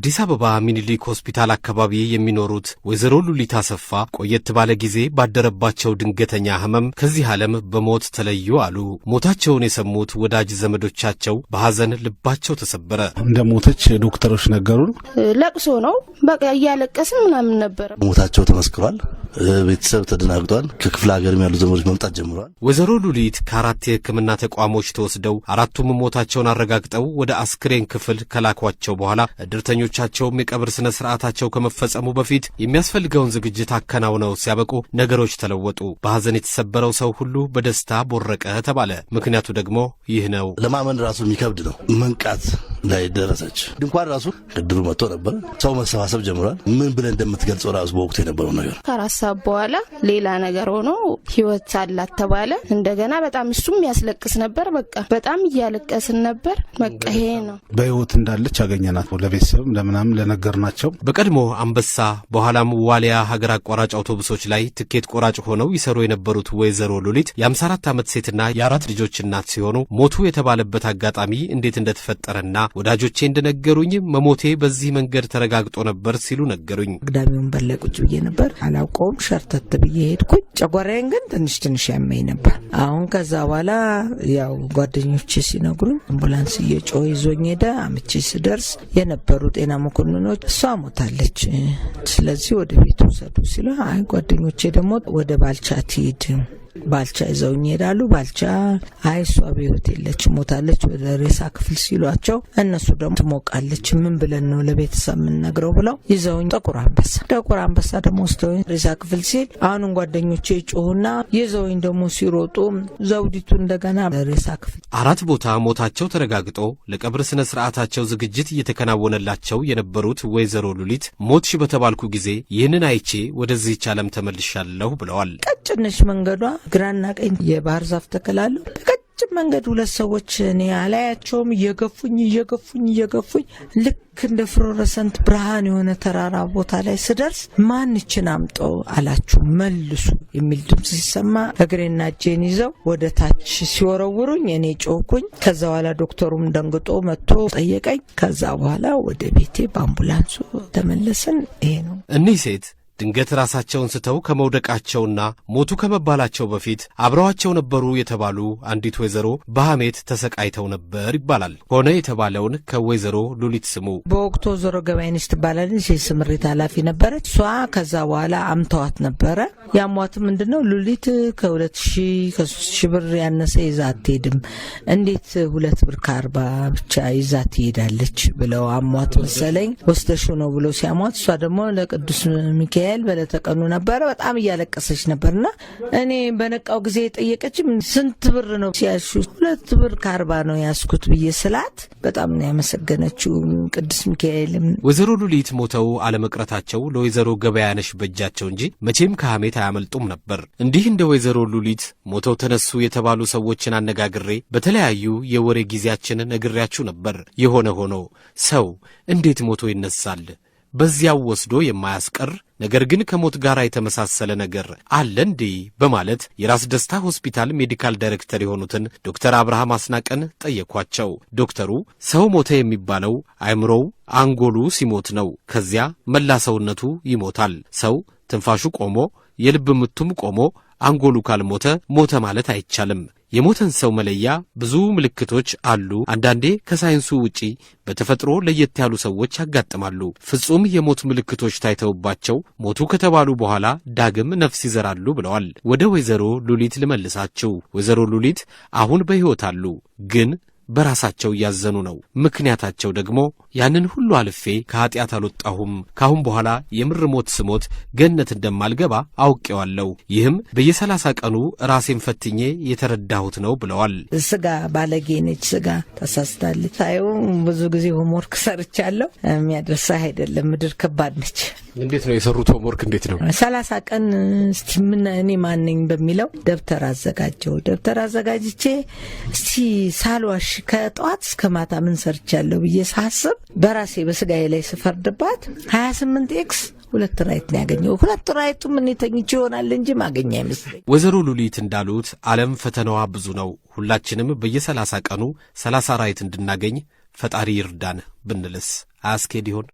አዲስ አበባ ሚኒሊክ ሆስፒታል አካባቢ የሚኖሩት ወይዘሮ ሉሊት አሰፋ ቆየት ባለ ጊዜ ባደረባቸው ድንገተኛ ህመም ከዚህ ዓለም በሞት ተለዩ አሉ። ሞታቸውን የሰሙት ወዳጅ ዘመዶቻቸው በሐዘን ልባቸው ተሰበረ። እንደ ሞተች ዶክተሮች ነገሩን። ለቅሶ ነው በቃ እያለቀስን ምናምን ነበረ። ሞታቸው ተመስክሯል። ቤተሰብ ተደናግጧል። ከክፍለ ሀገርም ያሉ ዘመዶች መምጣት ጀምሯል። ወይዘሮ ሉሊት ከአራት የህክምና ተቋሞች ተወስደው አራቱም ሞታቸውን አረጋግጠው ወደ አስክሬን ክፍል ከላኳቸው በኋላ እድርተኞ ጓደኞቻቸውም የቀብር ስነ ስርዓታቸው ከመፈጸሙ በፊት የሚያስፈልገውን ዝግጅት አከናውነው ሲያበቁ ነገሮች ተለወጡ። በሐዘን የተሰበረው ሰው ሁሉ በደስታ ቦረቀ ተባለ። ምክንያቱ ደግሞ ይህ ነው። ለማመን ራሱ የሚከብድ ነው። መንቃት ላይ ደረሰች። ድንኳን ራሱ ቅድሩ መጥቶ ነበር። ሰው መሰባሰብ ጀምሯል። ምን ብለን እንደምትገልጸው ራሱ በወቅቱ የነበረው ነገር ከአራት ሰዓት በኋላ ሌላ ነገር ሆኖ ህይወት አላት ተባለ። እንደገና በጣም እሱም ያስለቅስ ነበር። በቃ በጣም እያለቀስን ነበር። በቃ ይሄ ነው በህይወት እንዳለች ያገኘናት ለቤተሰብ ለምናምን ለነገር ናቸው። በቀድሞ አንበሳ በኋላም ዋሊያ ሀገር አቋራጭ አውቶቡሶች ላይ ትኬት ቆራጭ ሆነው ይሰሩ የነበሩት ወይዘሮ ሉሊት የ54 ዓመት ሴትና የአራት ልጆች እናት ሲሆኑ ሞቱ የተባለበት አጋጣሚ እንዴት እንደተፈጠረና ወዳጆቼ እንደነገሩኝ መሞቴ በዚህ መንገድ ተረጋግጦ ነበር ሲሉ ነገሩኝ። አግዳሚውን በለቁጭ ብዬ ነበር፣ አላውቀውም። ሸርተት ብዬ ሄድኩኝ። ጨጓራዬን ግን ትንሽ ትንሽ ያመኝ ነበር። አሁን ከዛ በኋላ ያው ጓደኞቼ ሲነግሩኝ አምቡላንስ እየጮኸ ይዞኝ ሄደ። አምቼ ስደርስ የነበሩ ዜና መኮንኖች እሷ ሞታለች፣ ስለዚህ ወደ ቤት ውሰዱ ሲሉ አይ ጓደኞቼ ደግሞ ወደ ባልቻ ትሄድ ባልቻ ይዘውኝ ይሄዳሉ። ባልቻ አይ እሷ የለች ሞታለች፣ ወደ ሬሳ ክፍል ሲሏቸው እነሱ ደግሞ ትሞቃለች፣ ምን ብለን ነው ለቤተሰብ የምንነግረው ብለው ይዘውኝ ጥቁር አንበሳ ጥቁር አንበሳ ደግሞ ወስደውኝ ሬሳ ክፍል ሲል አሁንም ጓደኞቼ ጮሁና ይዘውኝ ደግሞ ሲሮጡ ዘውዲቱ እንደገና ሬሳ ክፍል አራት ቦታ ሞታቸው ተረጋግጦ ለቀብር ስነ ስርዓታቸው ዝግጅት እየተከናወነላቸው የነበሩት ወይዘሮ ሉሊት ሞትሽ በተባልኩ ጊዜ ይህንን አይቼ ወደዚህች ዓለም ተመልሻለሁ ብለዋል። ቀጭንሽ መንገዷ ግራና ቀኝ የባህር ዛፍ ተከላሉ በቀጭም መንገድ ሁለት ሰዎች እኔ አላያቸውም። እየገፉኝ እየገፉኝ እየገፉኝ ልክ እንደ ፍሎረሰንት ብርሃን የሆነ ተራራ ቦታ ላይ ስደርስ ማንችን አምጠው አላችሁ መልሱ የሚል ድምፅ ሲሰማ እግሬና እጄን ይዘው ወደ ታች ሲወረውሩኝ እኔ ጮኩኝ። ከዛ በኋላ ዶክተሩም ደንግጦ መጥቶ ጠየቀኝ። ከዛ በኋላ ወደ ቤቴ በአምቡላንሱ ተመለስን። ይሄ ነው እኒህ ሴት ድንገት ራሳቸውን ስተው ከመውደቃቸውና ሞቱ ከመባላቸው በፊት አብረዋቸው ነበሩ የተባሉ አንዲት ወይዘሮ በሐሜት ተሰቃይተው ነበር ይባላል። ሆነ የተባለውን ከወይዘሮ ሉሊት ስሙ። በወቅቱ ወይዘሮ ገባይነች ትባላለች። የስምሪት ኃላፊ ነበረች። እሷ ከዛ በኋላ አምተዋት ነበረ። ያሟት ምንድን ነው ሉሊት ከሁለት ሺ ከሶስት ሺ ብር ያነሰ ይዛ አትሄድም። እንዴት ሁለት ብር ከአርባ ብቻ ይዛ ትሄዳለች ብለው አሟት መሰለኝ ወስደሹ ነው ብሎ ሲያሟት እሷ ደግሞ ለቅዱስ ሚካኤል ያህል በለተቀኑ ነበረ። በጣም እያለቀሰች ነበርና እኔ በነቃው ጊዜ የጠየቀች ስንት ብር ነው ሲያሹ፣ ሁለት ብር ከአርባ ነው ያስኩት ብዬ ስላት በጣም ነው ያመሰገነችው። ቅዱስ ሚካኤልም ወይዘሮ ሉሊት ሞተው አለመቅረታቸው ለወይዘሮ ገበያነሽ በእጃቸው እንጂ መቼም ከሐሜት አያመልጡም ነበር። እንዲህ እንደ ወይዘሮ ሉሊት ሞተው ተነሱ የተባሉ ሰዎችን አነጋግሬ በተለያዩ የወሬ ጊዜያችን ነግሬያችሁ ነበር። የሆነ ሆኖ ሰው እንዴት ሞቶ ይነሳል? በዚያው ወስዶ የማያስቀር ነገር ግን ከሞት ጋር የተመሳሰለ ነገር አለ እንዴ በማለት የራስ ደስታ ሆስፒታል ሜዲካል ዳይሬክተር የሆኑትን ዶክተር አብርሃም አስናቀን ጠየኳቸው። ዶክተሩ ሰው ሞተ የሚባለው አእምሮው፣ አንጎሉ ሲሞት ነው። ከዚያ መላ ሰውነቱ ይሞታል። ሰው ትንፋሹ ቆሞ የልብ ምቱም ቆሞ አንጎሉ ካልሞተ ሞተ ማለት አይቻልም። የሞተን ሰው መለያ ብዙ ምልክቶች አሉ። አንዳንዴ ከሳይንሱ ውጪ በተፈጥሮ ለየት ያሉ ሰዎች ያጋጥማሉ። ፍጹም የሞት ምልክቶች ታይተውባቸው ሞቱ ከተባሉ በኋላ ዳግም ነፍስ ይዘራሉ ብለዋል። ወደ ወይዘሮ ሉሊት ልመልሳችሁ። ወይዘሮ ሉሊት አሁን በሕይወት አሉ ግን በራሳቸው እያዘኑ ነው። ምክንያታቸው ደግሞ ያንን ሁሉ አልፌ ከኀጢአት አልወጣሁም፣ ካሁን በኋላ የምር ሞት ስሞት ገነት እንደማልገባ አውቄዋለሁ። ይህም በየሰላሳ ቀኑ ራሴን ፈትኜ የተረዳሁት ነው ብለዋል። ስጋ ባለጌ ነች፣ ስጋ ተሳስታለች ሳየው ብዙ ጊዜ ሆምወርክ ሰርቻለሁ። የሚያደርሳ አይደለም። ምድር ከባድ ነች። እንዴት ነው የሰሩት? ሆምወርክ እንዴት ነው? ሰላሳ ቀን እስቲ ምን እኔ ማነኝ በሚለው ደብተር አዘጋጀው። ደብተር አዘጋጅቼ እስቲ ሳልዋሽ ከጠዋት እስከ ማታ ምን ሰርቻለሁ ብዬ ሳስብ በራሴ በስጋዬ ላይ ስፈርድባት ስምንት ኤክስ ሁለት ራይት ነው ያገኘው። ሁለት ራይቱም ምን የተኝች ይሆናል እንጂ ማገኛ አይመስለኝ። ወይዘሮ ሉሊት እንዳሉት ዓለም ፈተናዋ ብዙ ነው። ሁላችንም በየ ቀኑ 30 ራይት እንድናገኝ ፈጣሪ ይርዳን ብንልስ አያስኬድ ይሆን?